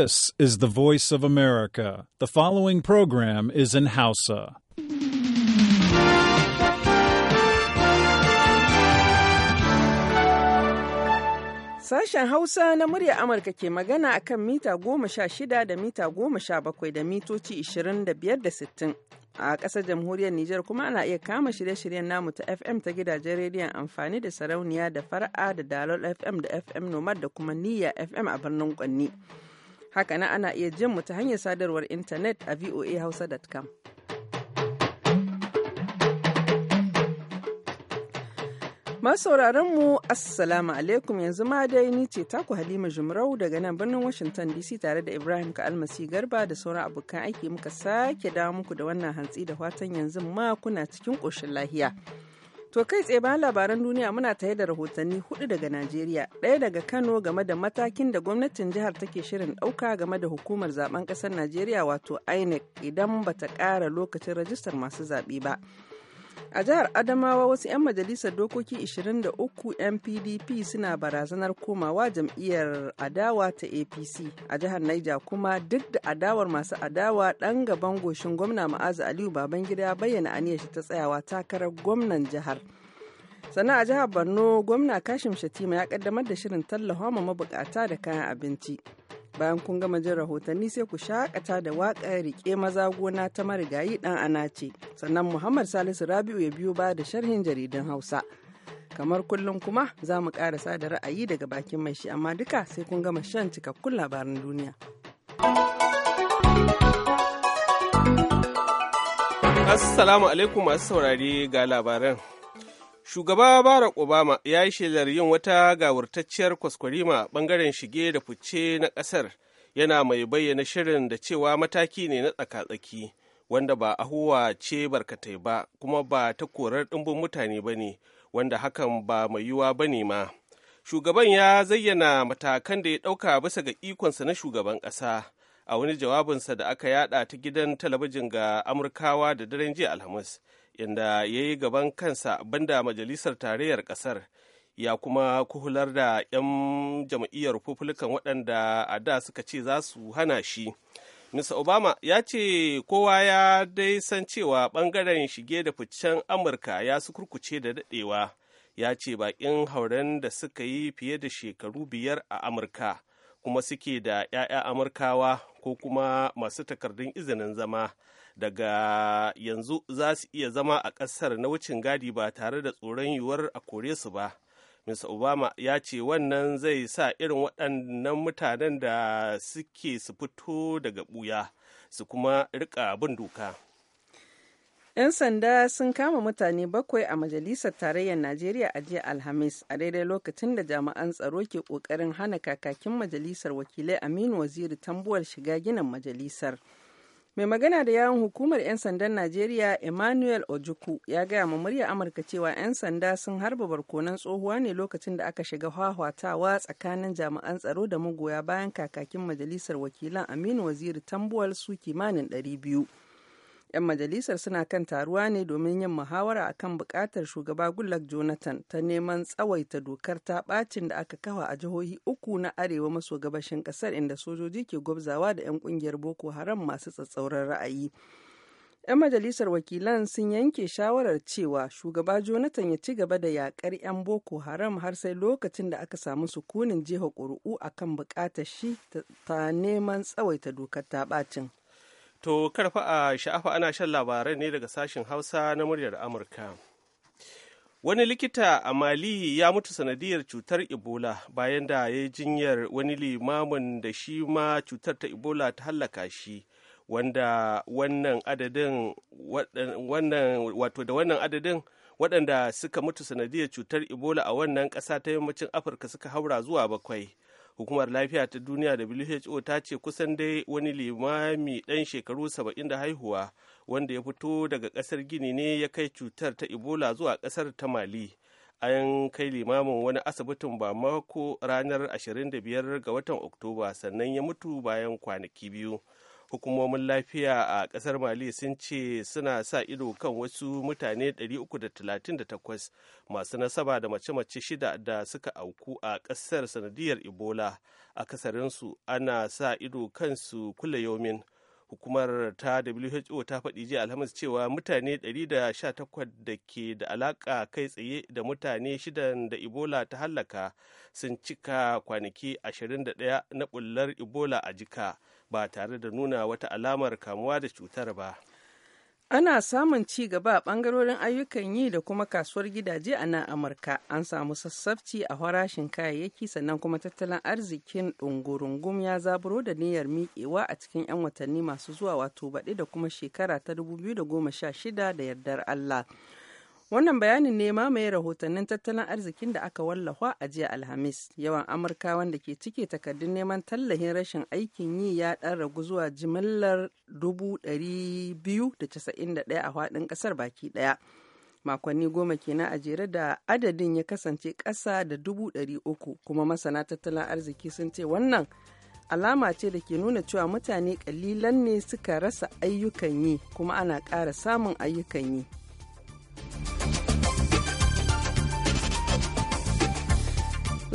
This is the voice of America. The following program is in Hausa. Sashen Hausa na murya Amurka ke magana a kan mita goma sha shida da mita goma sha bakwai da mitoci ishirin da biyar da sittin. A ƙasar jamhuriyar Nijar kuma ana iya kama shirye-shiryen namu ta FM ta gidajen rediyon amfani da sarauniya da fara'a da dalol FM da FM nomad da kuma niyya FM a birnin Kwanni. hakanan ana iya jin mu ta hanyar sadarwar intanet a voahausa.com. sauraron mu assalamu alaikum yanzu ma dai ni ce taku halima jumrau daga nan birnin washington dc tare da ibrahim ka garba da sauran abokan aiki muka sake dawo muku da wannan hantsi da fatan yanzu ma kuna cikin koshin lahiya To kai tsaye bayan labaran duniya muna tare da rahotanni hudu daga Najeriya, ɗaya daga Kano game da matakin da gwamnatin jihar take shirin ɗauka game da hukumar zaben ƙasar Najeriya wato INEC idan bata ƙara lokacin rajistar masu zaɓe ba. A jihar Adamawa wasu 'yan majalisar dokoki 23 'yan PDP suna barazanar komawa jam'iyyar adawa ta APC. A jihar Naija kuma duk da adawar masu adawa ɗan gaban goshin gwamna Ma'azu Aliyu Babangida ya bayyana aniyar shi ta tsayawa takarar gwamnan jihar. Sannan a jihar Borno gwamna Kashim Shatima ya ƙaddamar da shirin tallafa ma mabukata da kayan abinci. bayan kun gama jin rahotanni sai ku shakata da waƙar rike maza gona ta marigayi dan anace sannan muhammad salisu rabiu ya biyo ba da sharhin jaridan hausa kamar kullum kuma za mu karasa da ra'ayi daga bakin mai shi amma duka sai kun gama shan cikakkun labaran duniya assalamu alaikum masu saurari ga labaran Shugaba Barack Obama ya yi shelar yin wata gawurtacciyar kwaskwarima bangaren shige da fice na ƙasar yana mai bayyana shirin da cewa mataki ne na tsaka-tsaki wanda ba ahuwa ce barkatai ba kuma ba ta korar ɗimbin mutane ba ne wanda hakan ba mai yiwuwa ba ne ma. Shugaban ya zayyana matakan da ya ɗauka bisa ga ikonsa na shugaban ƙasa a wani jawabinsa da aka yada ta gidan talabijin ga Amurkawa da daren jiya Alhamis. inda ya yi gaban kansa banda majalisar tarayyar ƙasar ya kuma kuhular da 'yan jam'iyyar republican waɗanda a da suka ce za su hana shi mr obama ya ce kowa ya dai san cewa ɓangaren shige da ficen amurka ya su kurkuce da daɗewa ya ce baƙin hauren da suka yi fiye da shekaru biyar a amurka kuma suke da 'ya'ya amurkawa ko kuma masu takardun izinin zama daga yanzu za su iya zama a ƙasar na wucin gadi ba tare da tsoron yiwuwar a kore su ba Mr. Obama ya ce wannan zai sa irin waɗannan mutanen da suke su fito daga buya su kuma rika bin doka. 'Yan sanda sun kama mutane bakwai a Majalisar Tarayyar Najeriya a jiya Alhamis a daidai lokacin da jami'an tsaro ke ƙoƙarin hana kakakin Majalisar Wakilai Aminu Waziri tambuwar shiga ginin majalisar. mai magana da yawon hukumar 'yan sandan najeriya emmanuel ojuku ya gaya ma murya amurka cewa 'yan sanda sun harba barkonan tsohuwa ne lokacin da aka shiga hwahwatawa tsakanin jami'an tsaro da magoya bayan kakakin majalisar wakilan aminu waziri tambuwal su kimanin 200 'Yan majalisar suna kan taruwa ne domin yin muhawara a kan bukatar shugaba Gulag Jonathan ta neman tsawaita dokar ta ɓacin da aka kawa a jihohi uku na arewa maso gabashin ƙasar inda sojoji ke gwabzawa da 'yan ƙungiyar Boko Haram masu tsatsauran ra'ayi. 'Yan majalisar wakilan sun yanke shawarar cewa shugaba Jonathan ya ci gaba da yakar 'yan Boko Haram har sai lokacin da aka samu sukunin jiha ƙuri'u akan bukatar shi ta neman tsawaita dokar ta ɓacin. To karfa a sha'afa ana shan labarai ne daga sashen Hausa na muryar Amurka. Wani likita a Mali ya mutu sanadiyar cutar Ebola bayan da ya yi jinyar wani limamin da shi ma cutar ta Ebola ta hallaka shi. Wanda wannan adadin wannan wato da wannan adadin waɗanda suka mutu sanadiyar cutar Ebola a wannan ƙasa ta yammacin Afirka suka haura zuwa bakwai. hukumar lafiya ta duniya who ta ce kusan dai wani limami ɗan shekaru saba'in da haihuwa wanda ya fito daga ƙasar gini ne ya kai cutar ta ebola zuwa ƙasar ta mali an kai limamin wani asibitin ba mako ranar 25 ga watan oktoba sannan ya mutu bayan kwanaki biyu hukumomin lafiya a kasar mali sun ce suna sa ido kan wasu mutane 338 masu nasaba da mace-mace shida da suka auku a kasar sanadiyar ebola A kasarinsu ana sa ido kansu kula yomin hukumar ta who ta faɗi jiya alhamis cewa mutane 118 da ke da alaƙa kai tsaye da mutane shidan da ebola ta hallaka sun cika kwanaki 21 na bullar ebola a jika ba tare da nuna wata alamar kamuwa da cutar ba ana samun ci gaba a ɓangarorin ayyukan yi da kuma kasuwar gidaje a nan amurka an samu sassabci a farashin kayayyaki sannan kuma tattalin arzikin ɗungurungum ya zaburo da niyyar miƙewa a cikin 'yan watanni masu zuwa wato baɗi da kuma shekara ta 2016 da yardar allah Wannan bayanin ne mamaye rahotannin tattalin arzikin da aka wallafa a jiya Alhamis. Yawan Amurka wanda ke cike takardun neman tallahin rashin aikin yi ya ɗan ragu zuwa jimillar 291 a faɗin ƙasar baki ɗaya. Makonni goma kenan a jere da adadin ya kasance ƙasa da 300 kuma masana tattalin arziki sun ce wannan alama ce da ke nuna cewa mutane ƙalilan ne suka rasa ayyukan yi kuma ana ƙara samun ayyukan yi.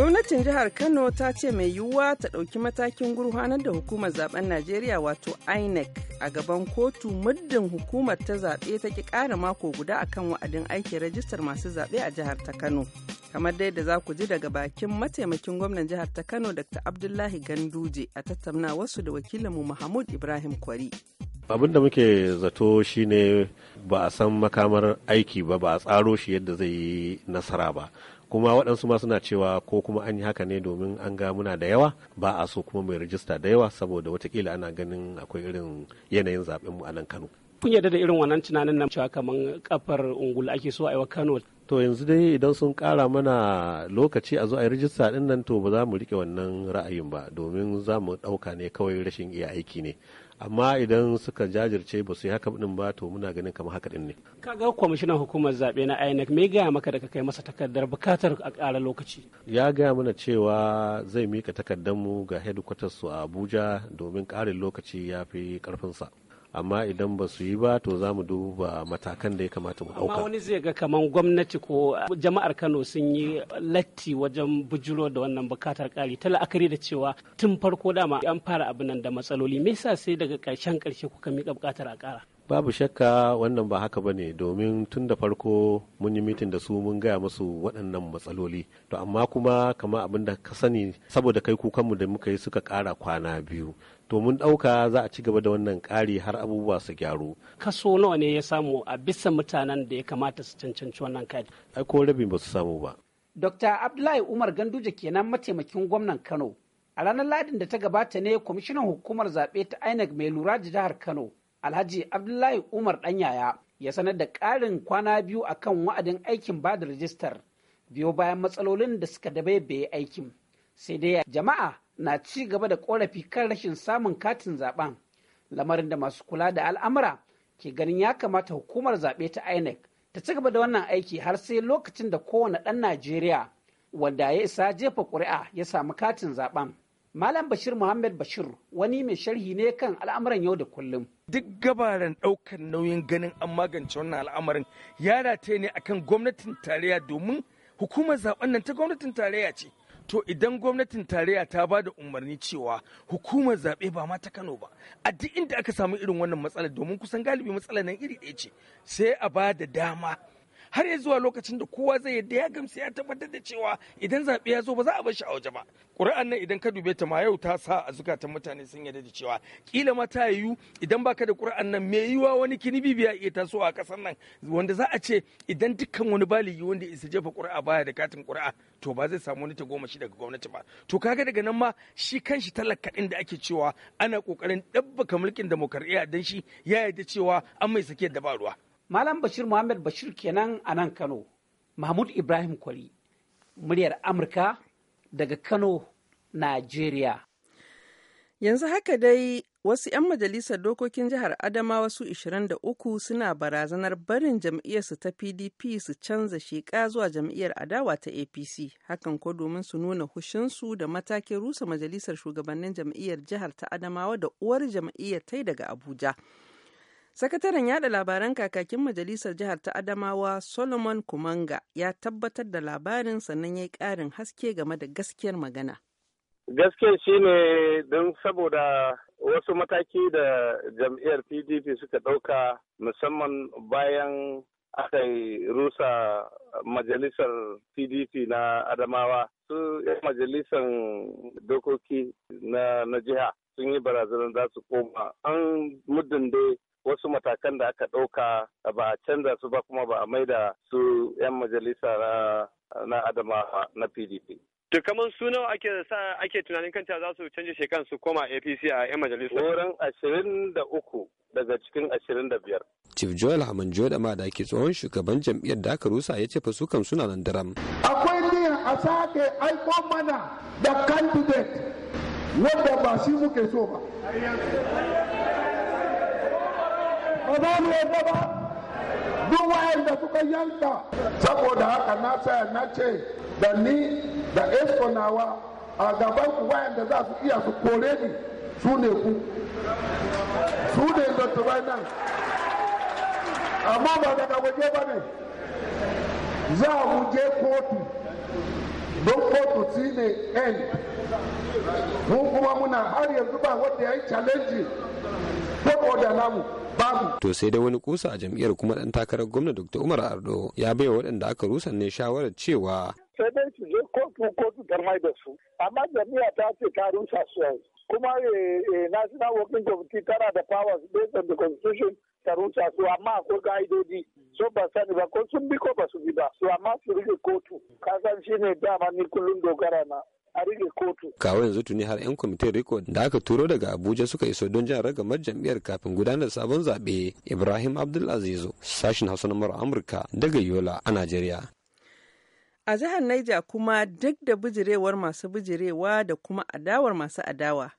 Gwamnatin jihar Kano ta ce mai yiwuwa ta ɗauki matakin gurhanar da hukumar zaben Najeriya wato INEC a gaban kotu muddin hukumar ta zaɓe ta ki kara mako guda akan wa'adin aikin rajistar masu zaɓe a jihar ta Kano. Kamar dai da za ku ji daga bakin mataimakin gwamnan jihar ta Kano Dr. Abdullahi Ganduje a tattauna wasu da wakilinmu Mahmud Ibrahim Kwari. abin da muke zato shine ba a san makamar aiki ba ba a tsaro shi yadda zai yi nasara ba kuma waɗansu ma suna cewa ko kuma an yi haka ne domin an ga muna da yawa ba a so kuma mai rijista da yawa saboda watakila ana ganin akwai irin yanayin zaɓen mu a nan kano kun yarda da irin wannan tunanin nan cewa kamar kafar ungul ake so a yi wa kano to yanzu dai idan sun kara mana lokaci a zo a yi rijista din nan to ba za mu rike wannan ra'ayin ba domin za mu ɗauka ne kawai rashin iya aiki ne amma idan suka jajirce ba su yi haka din ba to muna ganin kamar haka din ne ga kwamishinan hukumar zaɓe na INEC me gaya maka da ka kai masa takardar bukatar a ƙara lokaci ya gaya mana cewa zai mika takardar mu ga headquarters su a Abuja domin ƙarin lokaci ya fi ƙarfinsa amma idan ba su yi ba to za mu duba matakan da ya kamata mu dauka. amma wani zai ga kamar gwamnati ko jama'ar kano sun yi latti wajen bujiro da wannan bukatar kari ta la'akari da cewa tun farko dama an fara abin nan da matsaloli me yasa sai daga karshen ƙarshe kuka miƙa bukatar a ƙara. babu shakka wannan ba haka ba ne domin tun da farko mun yi mitin da su mun gaya musu waɗannan matsaloli to amma kuma kamar abin da ka sani saboda kai kukanmu da muka yi suka ƙara kwana biyu to mun ɗauka za a ci gaba da wannan ƙari har abubuwa su gyaru. Kaso nawa ne ya samu a bisa mutanen da ya kamata su cancanci wannan kati? Ai ko rabin ba su samu ba. Dr. Abdullahi Umar Ganduje kenan mataimakin gwamnan Kano. A ranar Ladin da ta gabata ne kwamishinan hukumar zaɓe ta INEC mai lura da jihar Kano, Alhaji Abdullahi Umar Ɗanyaya ya sanar da ƙarin kwana biyu a kan wa'adin aikin ba da rijistar biyo bayan matsalolin da suka bai aikin. Sai dai jama'a na ci gaba da korafi kan rashin samun katin zaben lamarin da masu kula da al'amura ke ganin ya kamata hukumar zaɓe ta inec ta ci gaba da wannan aiki har sai lokacin da kowane ɗan najeriya wanda ya isa jefa ƙuri'a ya samu katin zaben malam bashir muhammad bashir wani mai sharhi ne kan al'amuran yau da kullum duk gabaran ɗaukar nauyin ganin an magance wannan al'amarin ya rataye ne akan gwamnatin tarayya domin hukumar zaben nan ta gwamnatin tarayya ce to idan gwamnatin tarayya ta ba da umarni cewa hukumar zaɓe ba ma ta kano ba a duk inda aka samu irin wannan matsalar domin kusan galibi matsalar nan iri ɗaya ce sai a ba da dama har ya zuwa lokacin da kowa zai yadda ya gamsu ya tabbatar da cewa idan zaɓe ya zo ba za a bar shi a waje ba ƙuri'an nan idan ka dube ta ma yau ta sa a zukatan mutane sun yarda da cewa kila ma ta yiwu idan baka da ƙuri'an nan me yiwa wani kinibi biya iya tasowa a ƙasar nan wanda za a ce idan dukkan wani baligi wanda isa jefa ƙuri'a baya da katin ƙuri'a to ba zai samu wani ta tagomashi daga gwamnati ba to kaga daga nan ma shi kanshi talaka ɗin da ake cewa ana ƙoƙarin ɗabbaka mulkin demokaradiyya don shi ya yarda cewa an mai sake da ruwa Malam Bashir Muhammad Bashir kenan a nan Kano, Mahmud Ibrahim Kwari, muryar Amurka daga Kano, Najeriya. Yanzu haka dai wasu 'yan majalisar dokokin jihar Adamawa su 23 suna barazanar barin jam'iyyarsu ta PDP su canza sheƙa zuwa jam'iyyar adawa ta APC, hakan ko domin su nuna hushinsu da matakin rusa majalisar shugabannin jam'iyyar jihar ta Adamawa da uwar jam'iyyar tai daga Abuja. Sakataren yada labaran kakakin majalisar jihar ta Adamawa Solomon Kumanga ya tabbatar da labarin sannan ya yi ƙarin haske game da gaskiyar magana. Gaskiyar shine don saboda wasu mataki da jam'iyyar PDP suka ɗauka musamman bayan aka yi rusa majalisar pdp na adamawa su majalisar dokoki na jiha sun yi barazanar za su koma an muddin dai wasu matakan da aka ɗauka ba a canza su ba kuma ba a maida su 'yan majalisa na adamawa na pdp To kamar su ake sa ake tunanin kanta za su canje shekan su koma APC a 'yan majalisa? Wurin ashirin da uku daga cikin ashirin da biyar. Chief Joel haman joda ma da ke tsohon shugaban jam'iyyar rusa ya ce fa su kan suna nan daram. Akwai niyan a sake aiko mana da candidate wanda ba shi muke so ba. ba za mu yadda ba duk wa'anda suka yanka saboda haka na tsaya na ce da ni da eskonawa a gaban ku da za su iya su kore ni su ne ku su ne zattubai nan amma ba daga waje ba ne za a wuje kotu don kotu si ne end mu kuma muna har yanzu ba wanda ya yi challenge saboda namu babu to sai dai wani kusa a jam'iyyar kuma dan takarar gwamna Dr. Umar Ardo ya baiwa waɗanda aka rusa ne shawarar cewa sai dai su je kotu kotu mai da su amma jami'a ta ce ta rusa su kuma eh, eh, national working committee tana da powers based on the constitution ta rusa su amma akwai ka'idodi so ba sani ba ko sun bi ko ba su bi ba su amma su rike kotu kasan shine dama ni kullum dogara na a Kawo yanzu tuni har 'yan kwamitin riko da aka turo daga Abuja suka iso don jan ragamar jam'iyyar kafin gudanar sabon zaɓe. Ibrahim Abdulazizu, sashin Hausa na Amurka daga Yola a Najeriya. A jihar Naija kuma duk da bijirewar masu bijirewa da kuma adawar masu adawa,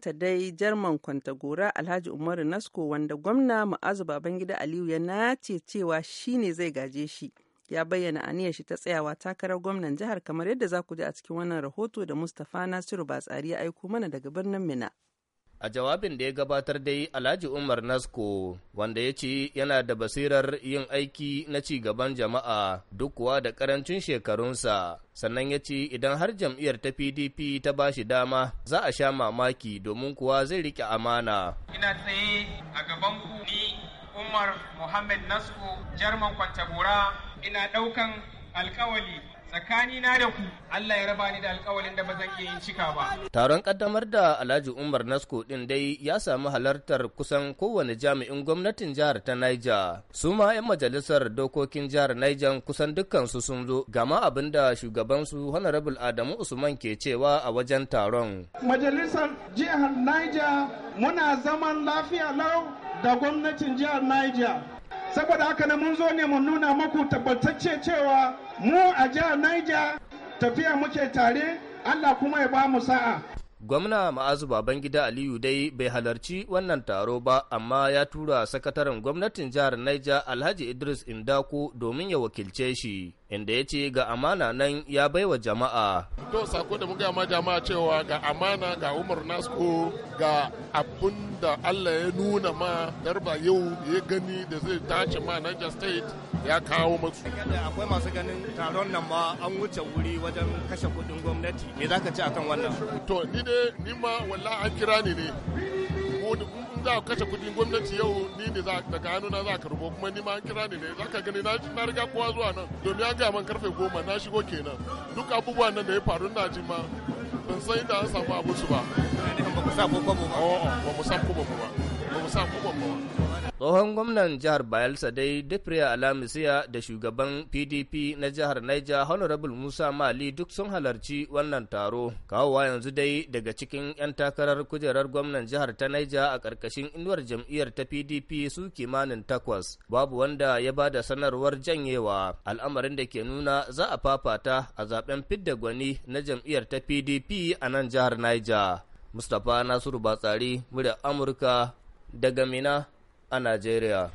ta dai Jarman Kwantagora Alhaji Umaru Nasko wanda gwamna Ma'azu Babangida Aliyu ya nace cewa shine zai gaje shi. ya bayyana aniyar shi ta tsayawa takarar gwamnan jihar kamar yadda za ku ji a cikin wannan rahoto da Mustapha Nasiru Batsari ya aiko mana daga birnin Mina. A jawabin da ya gabatar dai Alhaji Umar Nasko, wanda ya ce yana da basirar yin aiki na ci gaban jama'a duk kuwa da karancin shekarunsa, sannan ya ce idan har jam'iyyar ta PDP ta ba shi dama za a sha mamaki domin kuwa zai rike amana. Ina tsaye a gaban ku ni umar Mohammed nasko jarman kwantabura ina ɗaukan alkawali tsakani na da ku Allah ya raba ni da alkawalin da ba zan iya yin cika ba. Taron kaddamar da Alhaji Umar Nasko din dai ya samu halartar kusan kowane jami'in gwamnatin jihar ta Niger. Su ma 'yan majalisar dokokin jihar Niger kusan dukkansu sun zo gama abin da shugabansu Honorable Adamu Usman ke cewa a wajen taron. Majalisar jihar Niger muna zaman lafiya lau da gwamnatin jihar Niger. Saboda haka ne mun zo ne mu nuna maku tabbatacce cewa mu a jihar Niger tafiya muke tare Allah kuma ya ba mu sa'a. Gwamna Ma'azu Babangida Aliyu dai bai halarci wannan taro ba amma ya tura sakataren gwamnatin jihar Niger Alhaji Idris Indako domin ya wakilce shi. inda ya ce ga amana nan ya baiwa jama'a. To sako da muka ma jama'a cewa ga amana ga Umar Nasko ga abun da Allah ya nuna ma darba yau ya gani da zai tace ma Niger State ya kawo masu. Akwai masu ganin taron nan ma an wuce wuri wajen kashe kuɗin gwamnati. Me za ka ci akan wannan? To ni dai ni ma wallahi an kira ni ne. za ka kashe kudin gwamnati yau ni ne daga hannuna za ka rubo kuma ni ma an kira ni ne za ka gani na riga kowa zuwa nan domin an gaya man karfe goma na shigo kenan duk abubuwan nan da ya faru na ji ma ban san inda an samu abu su ba. Ba mu sa kuma ba. Ba mu sa ko ba. Ba mu sa ko ba. Tsohon gwamnan jihar Bayelsa dai dafriya Alamisiya da shugaban PDP na jihar Niger Honorable Musa Mali duk sun halarci wannan taro. Kawowa yanzu dai daga cikin 'yan takarar kujerar gwamnan jihar ta Niger a ƙarƙashin inuwar jam'iyyar ta PDP su kimanin takwas. Babu wanda ya ba da sanarwar janyewa al'amarin da ke nuna za a fafata a zaben fidda gwani na jam'iyyar ta PDP a nan jihar Niger. Mustapha Nasiru Batsari, murya Amurka daga Mina. a Najeriya.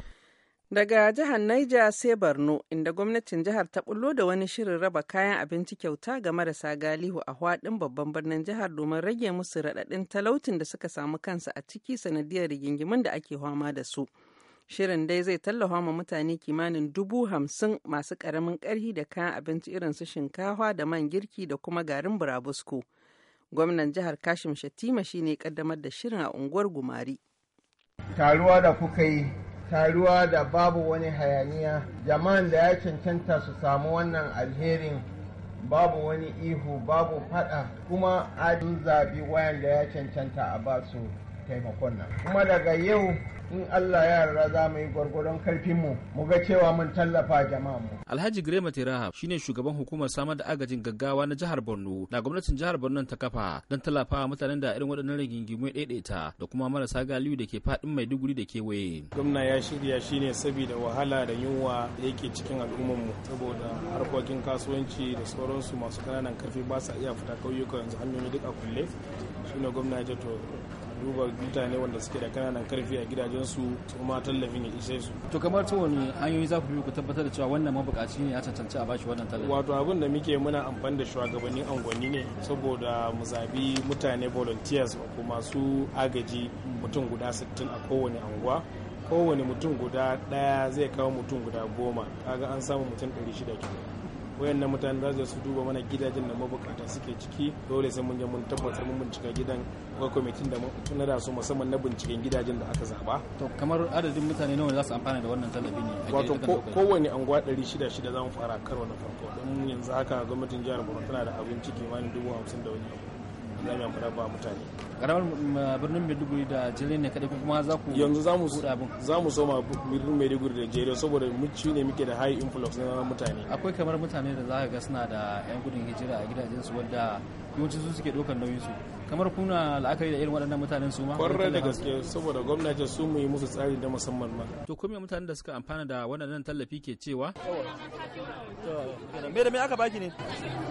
Daga jihar Niger sai Borno, inda gwamnatin jihar ta bullo da wani shirin raba kayan abinci kyauta ga marasa galihu a hwaɗin babban birnin jihar domin rage musu raɗaɗin talautin da suka samu kansa a ciki sanadiyar rigingimin da ake fama da su. Shirin dai zai tallafa ma mutane kimanin dubu hamsin masu ƙaramin ƙarhi da kayan abinci irin su shinkafa da man girki da kuma garin burabusko. Gwamnan jihar Kashim Shatima shine ƙaddamar da shirin a unguwar Gumari. taruwa da kuka yi taruwa da babu wani hayaniya jama'an da ya cancanta su samu wannan alherin babu wani ihu babu fada kuma adin zabi wayan da ya cancanta a basu taimakon nan kuma daga yau in Allah ya yarda za mu yi gwargwadon karfin mu mu ga cewa mun tallafa jama'a mu Alhaji Grema Tiraha shine shugaban hukumar samar da agajin gaggawa na jihar Borno da gwamnatin jihar Borno ta kafa don tallafa mutanen da irin waɗannan rigingimu daidaita da kuma marasa galiyu da ke faɗin Maiduguri da kewaye Gwamna ya shirya shine saboda wahala da yunwa da yake cikin al'ummar mu saboda harkokin kasuwanci da sauransu masu kananan karfi ba sa iya fita kauyuka yanzu hanyoyi duk a kulle shine gwamna ya to duba mutane wanda suke da kananan karfi a gidajensu su kuma tallafin ya ishe su to kamar ta wani hanyoyi za ku bi ku tabbatar da cewa wannan mabukaci ne ya cancanci a bashi wannan tallafi wato abin da muke muna amfani da shugabannin angwani ne saboda mu zabi mutane volunteers ko masu agaji mutum guda 60 a kowane anguwa kowane mutum guda daya zai kawo mutum guda goma kaga an samu mutum 600 kenan nan mutane za su duba mana gidajen da mabukata suke ciki dole sai mun je mun tabbatar mun bincika gidan akwai kwamitin da na da su musamman na binciken gidajen da aka zaba to kamar adadin mutane nawa za su amfana da wannan tallafi ne wato kowane anguwa ɗari shida shida za mu fara karo na farko don yanzu haka gwamnatin jihar Borno tana da abinci kimanin dubu hamsin da wani abu mutane karamar mm, birnin maiduguri da jere ne kadai kuma za ku yanzu za mu za soma birnin maiduguri da jere saboda mu muke da high influx na mutane kamar mutane da za da yan gudun hijira a kamar kuna la'akari da irin waɗannan mutanen su ma kwarar da gaske saboda gwamnati su mu yi musu tsari da musamman ma to kuma mutanen da suka amfana da waɗannan tallafi ke cewa me da me aka baki ne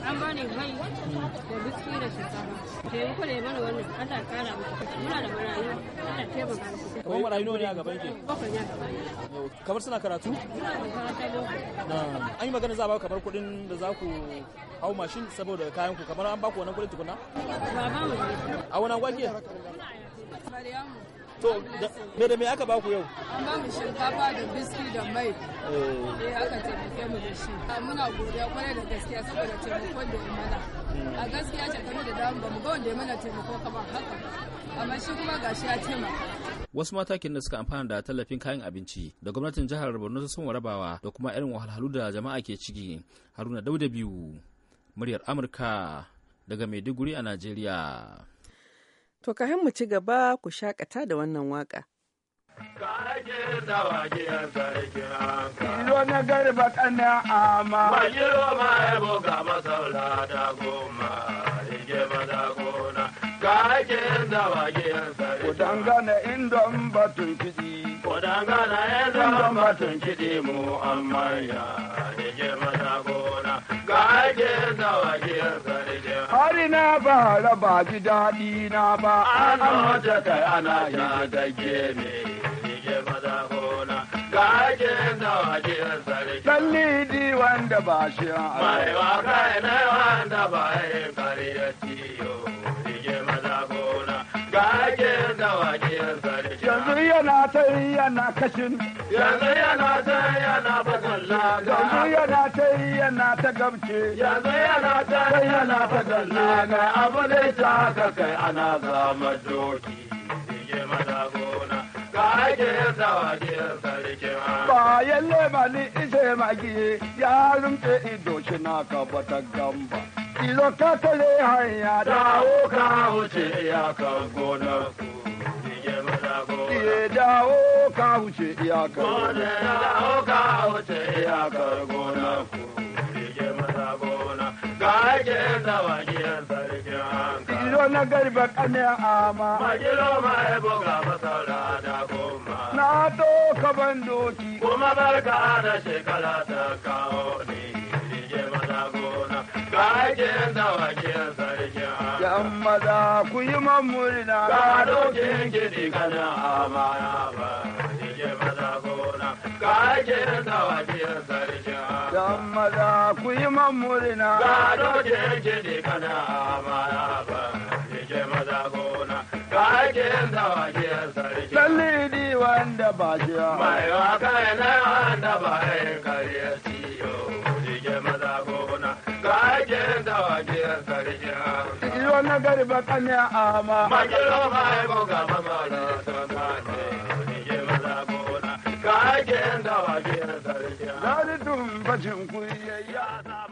an bani mai da biski da shinkafa taimako da ne mana wannan Allah ya kara muku muna da marayu Allah ya taimaka muku kamar marayu ne a gaban ki kamar suna karatu an yi magana za a ba kamar kuɗin da za ku hau mashin saboda kayan ku kamar an ba ku wannan kuɗin tukuna ba ba mu a wannan gwaki Mariyamu to me da me aka baku yau an ba mu shinkafa da biski da mai eh, eh aka taimake mu da shi ah, muna godiya kwarai da gaskiya saboda taimakon da ya mana hmm. a gaskiya ce kamar da damu ba mu ga wanda ya mana taimako kamar haka amma shi kuma gashi ya taimaka wasu matakin da suka amfana da tallafin kayan abinci da gwamnatin jihar borno ta sun rabawa da kuma irin wahalhalu da jama'a ke ciki haruna dauda biyu muryar amurka daga maiduguri a najeriya To ka mu ci gaba ku shakata da wannan waka. Ilo na garba kana ama. Bajiro ma ebo ga masaula da goma, rige maza gona. Kakin da wajen sarki. Kudangana indon batun kiɗi. Kudangana indon batun kiɗi mu amma ya rige maza gona. gage nawa Hari na ba raba ji daɗi na ba An mace kai ana ya dage me ke maza hona gage nawa ke zargi Lalli di wanda ba shi a Mai wa kai na wanda ba ya kariya ciyo ke maza hona yanzu yana ta yana kashin yanzu yana ta yana bagalla yanzu yana ta yana ta gamce yanzu yana ta yana bagalla ga abu da ta ka kai ana zama doki je mana gona bayan lemani ise magi ya rumce ido na ka bata gamba kilo ka tare hanya dawo ka wuce iyakan gona Iye dawo ka wuce iyakar gona. ka wuce iyakar gona. Ije maza gona. Ga ake zawa giyar sarkin hanka. Ilo na garba kane ama. Magilo ma ebo e ga masara da goma. Na to ka doki. Kuma barka da shekara ta kawo ne. Sarkin dawakin sarkin ama. Yan da, ku yi mamurina. Ka dokin kiɗi kana amana ba. Ike maza gona. Kakin dawakin sarkin ama. Yan da, ku yi mamurina. Ka dokin kiɗi kana amana ba. Ike maza gona. Kakin dawakin sarkin ama. Lalli di wanda ba shi. Mai waka na wanda ba yin kariyar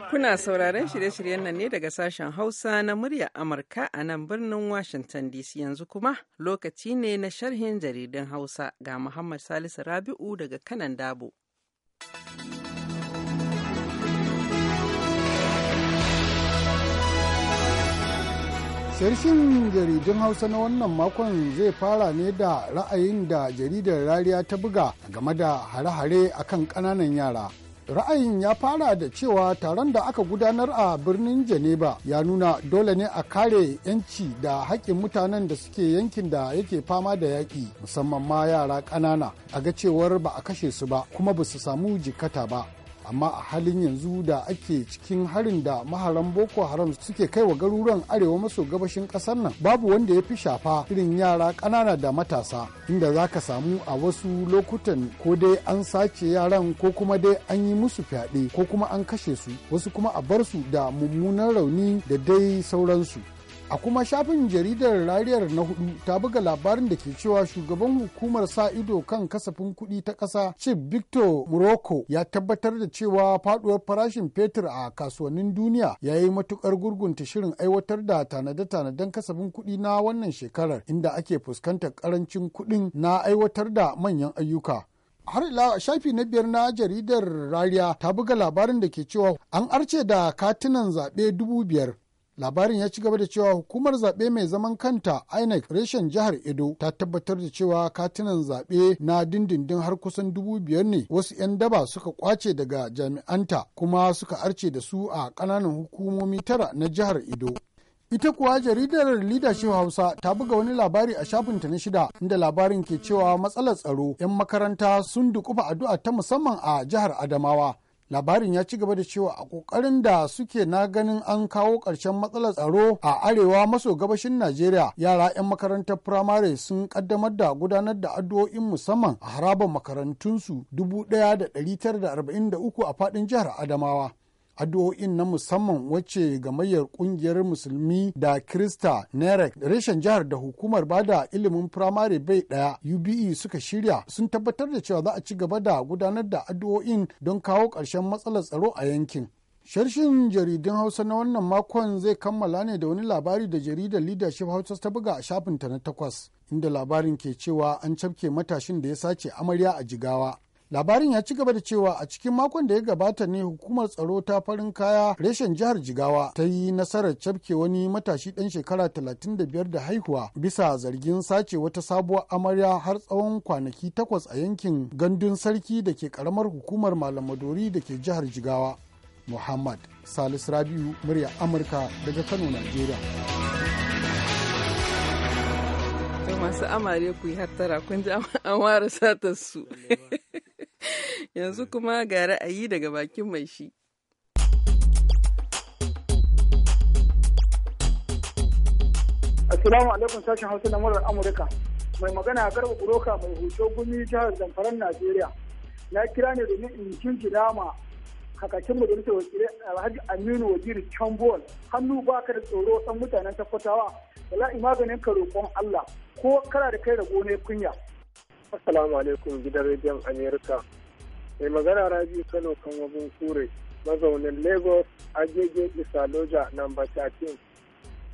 Kuna sauraron shirye-shiryen nan ne daga sashen Hausa na murya Amurka a nan birnin Washington DC yanzu kuma lokaci ne na sharhin jaridun Hausa ga Muhammad Salisu Rabi'u daga kanan Dabo. sarshin jaridun hausa na wannan makon zai fara ne da ra'ayin da jaridar rariya ta buga game da hare-hare akan ƙananan yara ra'ayin ya fara da cewa taron da aka gudanar a birnin geneva ya nuna dole ne a kare 'yanci da haƙƙin mutanen da suke yankin da yake fama da yaƙi musamman ma yara ƙanana a ga cewar ba a kashe su ba kuma ba su samu jikata ba amma a halin yanzu da ake cikin harin da maharan boko haram suke kai wa garuruwan arewa maso gabashin kasar nan babu wanda ya fi shafa irin yara ƙanana da matasa inda za ka samu a wasu lokutan ko dai an sace yaran ko kuma dai an yi musu fyaɗe ko kuma an kashe su wasu kuma a bar su da mummunan rauni da dai sauransu a kuma shafin jaridar rariyar na hudu ta buga labarin da ke cewa shugaban hukumar sa ido kan kasafin kuɗi ta ƙasa chief victor morocco ya tabbatar da cewa faduwar farashin fetur a kasuwannin duniya ya yi matukar gurgunta shirin aiwatar da tanade-tanaden kasafin kuɗi na wannan shekarar inda ake fuskantar karancin kuɗin na aiwatar da manyan ayyuka har ila shafi na biyar na jaridar rariya ta buga labarin da ke cewa an arce da katinan zaɓe dubu biyar labarin ya ci gaba da cewa hukumar zaɓe mai zaman kanta inec reshen jihar edo ta tabbatar da cewa katinan zaɓe na dindindin har kusan dubu biyar ne wasu 'yan daba suka kwace daga jami'anta kuma suka arce da su a ƙananan hukumomi tara na jihar edo ita kuwa jaridar leadership hausa ta buga wani labari a shafinta na shida inda labarin ke cewa matsalar tsaro 'yan makaranta sun dukufa addu'a ta musamman a jihar adamawa labarin ya ci gaba da cewa a kokarin da suke na ganin an kawo ƙarshen matsalar tsaro a arewa maso gabashin najeriya yara 'yan makarantar firamare sun kaddamar da gudanar da addu'o'in musamman a harabar makarantunsu 1943 a faɗin jihar adamawa addu'o'in na musamman wacce gamayyar kungiyar musulmi da krista nerec reshen jihar da hukumar bada ilimin firamare bai daya ube suka shirya sun tabbatar da cewa za a ci gaba da gudanar da addu'o'in don kawo ƙarshen matsalar tsaro a yankin Sharshin jaridun Hausa na wannan makon zai kammala ne da wani labari da jaridar Leadership Hausa ta buga a shafinta na takwas, inda labarin ke cewa an cafke matashin da ya sace amarya a jigawa. labarin ya ci gaba da cewa a cikin makon da ya gabata ne hukumar tsaro ta farin kaya reshen jihar jigawa ta yi nasarar cafke wani matashi dan shekara 35 da haihuwa bisa zargin sace wata sabuwar amarya har tsawon kwanaki takwas a yankin gandun sarki da ke karamar hukumar malam madori da ke jihar jigawa muhammad salis rabiu murya amurka daga kano nigeria masu amare ku yi hattara kun ji an ware satar su yanzu eh. kuma ga ra'ayi daga bakin mai shi Assalamu alaikum sashen Hausa na murar Amurka. Mai magana a garba kuroka mai hoto gumi jihar Zamfaran Najeriya. Na kira ne domin in jinjina ma kakakin majalisar wakilai Alhaji Aminu Wajir, Chambon hannu baka da tsoro san mutanen tabbatawa bala'i maganin ka roƙon Allah ko kara da kai da ne kunya. Assalamu alaikum gidan rediyon Amerika. mai magana rabi kano kan wabin kure mazaunin lagos agege isa loja namba 13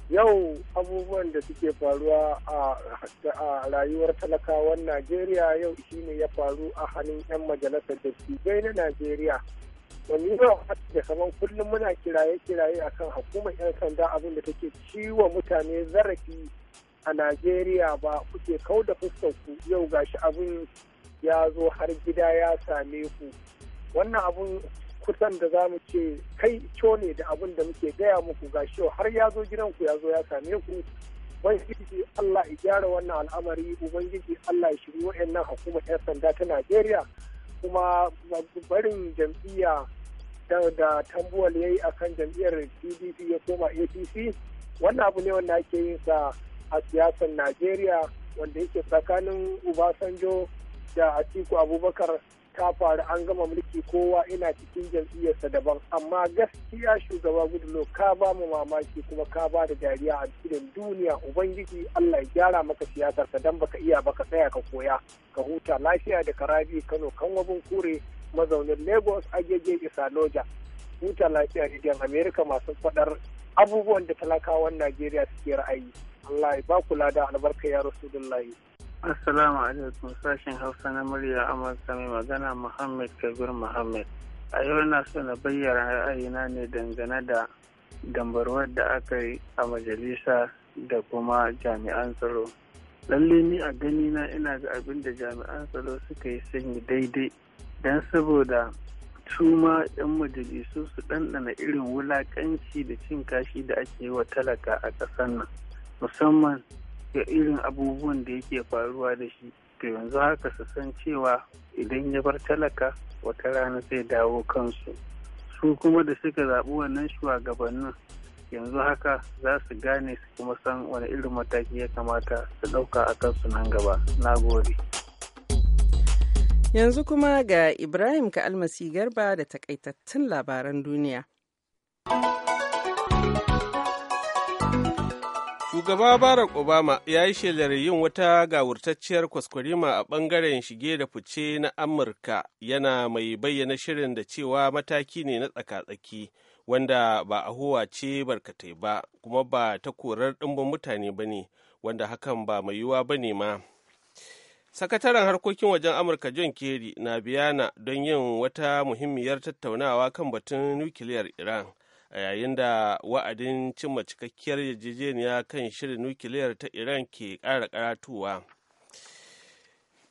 yau abubuwan da suke faruwa a rayuwar talakawan najeriya yau shine ya faru a hannun 'yan majalisar da dattijai na najeriya wani yau da kaman kullum muna kiraye-kiraye akan hukumar 'yan sanda abin da take ciwo mutane zarafi a najeriya ba kuke kau da fuskar ku yau gashi abin ya zo har gida ya same ku wannan abun kusan da za mu ce kai co ne da abun da muke gaya muku ga shi har ya zo gidanku ya zo ya same ku ubangiji Allah ya gyara wannan al'amari ubangiji Allah ya shiri wa'annan hukumar 'yan sanda ta Najeriya kuma barin jam'iyya da tambuwal yayi akan jam'iyyar pdp ya koma apc wannan abu ne wanda ake yin sa a siyasar najeriya wanda yake tsakanin ubasanjo da Atiku Abubakar ta faru an gama mulki kowa ina cikin jam'iyyarsa daban amma gaskiya shugaba gudulo ka ba mu mamaki kuma ka ba da dariya a cikin duniya ubangiji Allah ya gyara maka siyasar ka dan baka iya baka tsaya ka koya ka huta lafiya da karabi Kano kan wabin kure mazaunin Lagos agege isa loja huta lafiya idan america masu fadar abubuwan da talakawan Najeriya suke ra'ayi Allah ya ba kula da albarka ya Rasulullahi Assalamu alaikum sashen Hausa na murya Amurka mai magana Muhammad Kabir Muhammad. A yau na so na bayyana ra'ayina ne dangane da dambarwar da aka yi a majalisa da kuma jami'an tsaro. Lalle ni a gani na ina ga abin da jami'an tsaro suka yi sun yi daidai don saboda su 'yan majalisu su ɗanɗana irin wulaƙanci da cin kashi da ake yi wa talaka a ƙasar nan musamman ga irin abubuwan da yake faruwa da shi to yanzu haka su san cewa idan ya bar talaka wata rana zai dawo kansu su kuma da suka zaɓi wannan shugabannin yanzu haka za su gane su kuma san wani irin mataki ya kamata su ɗauka a kansu nan gaba na gode yanzu kuma ga ibrahim ka almasi garba da takaitattun labaran duniya. Shugaba Barack Obama ya yi shelar yin wata gawurtacciyar kwaskwarima a ɓangaren shige da fice na Amurka yana mai bayyana shirin da cewa mataki ne na tsaka-tsaki wanda ba a huwa ce barkatai ba kuma ba ta korar ɗimbin mutane ba ne wanda hakan ba mai yiwuwa ba ne ma. Sakataren harkokin wajen Amurka John Kerry na biyana don yin wata muhimmiyar tattaunawa kan batun nukiliyar Iran. a yayin da wa'adin cimma cikakkiyar yarjejeniya kan shirin nukiliyar ta iran ke ƙara karatuwa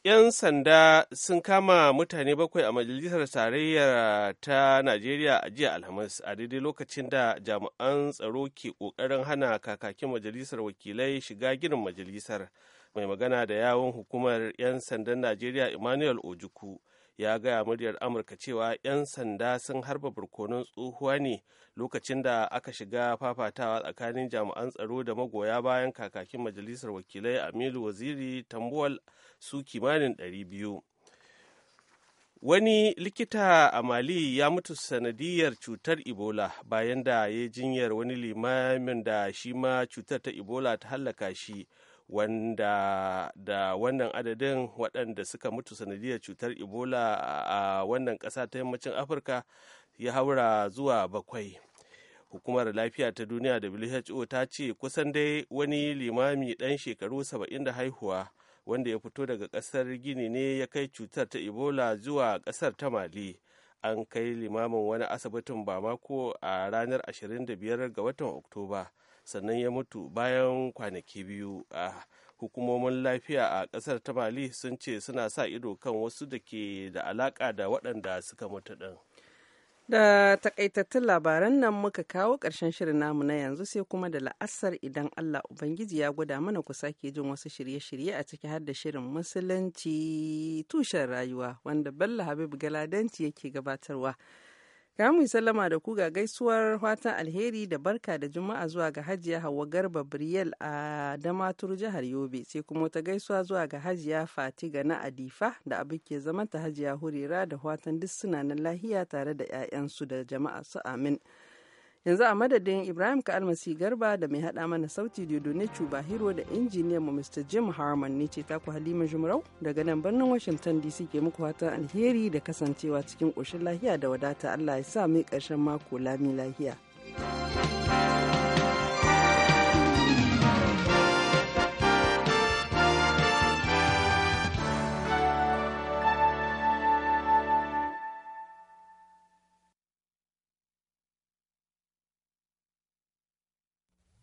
'yan sanda sun kama mutane bakwai a majalisar tarayyar ta najeriya a jiya alhamis a daidai lokacin da jami'an tsaro ke ƙoƙarin hana kakakin majalisar wakilai shiga ginin majalisar mai magana da yawon hukumar 'yan sandan najeriya emmanuel ojukwu ya gaya muryar amurka cewa 'yan sanda sun harba barkonon tsohuwa ne lokacin da aka shiga fafatawa tsakanin jami'an tsaro da magoya bayan kakakin majalisar wakilai aminu waziri tambuwal su kimanin 200 wani likita a mali ya mutu sanadiyar cutar ebola bayan da ya jinyar wani limamin da shi ma cutar ta ebola ta hallaka shi wanda da wannan adadin waɗanda suka mutu sanadiyar cutar ebola a wannan ƙasa ta yammacin afirka ya haura zuwa bakwai hukumar lafiya ta duniya who ta ce kusan dai wani limami ɗan shekaru saba'in da haihuwa wanda ya fito daga ƙasar gini ne ya kai cutar ta ebola zuwa ƙasar ta mali an kai limamin wani asibitin ba mako a ranar 25 ga watan oktoba sannan ya mutu bayan kwanaki biyu a hukumomin lafiya a kasar ta mali sun ce suna sa ido kan wasu da ke da alaka da waɗanda suka mutu ɗin. Da takaitattun labaran nan muka kawo ƙarshen shirin namu na yanzu sai kuma da la'asar idan Allah Ubangiji ya gwada mana ku sake jin wasu shirye-shirye a ciki har da shirin Musulunci tushen rayuwa wanda Bello Habib Galadanci yake gabatarwa. kamu mu sallama da ku ga gaisuwar fatan alheri da barka da juma'a zuwa ga hajiya Hauwa Garba Briyel a Damaturu jihar Yobe sai kuma wata gaisuwa zuwa ga hajiya Fatiga na Adifa da abin ke zaman ta hajiya Hurera da fatan duk suna nan lahiya tare da 'ya'yansu da jama'a su amin. yanzu a madadin ibrahim ka almasi garba da mai hada mana sauti dodone bahiro da injiniyan mu mr jim harman ne ce taku halima jumrau daga nan birnin washington dc ke muku fatan alheri da kasancewa cikin koshin lahiya da wadata allah ya sa mai karshen mako lami lahiya thank you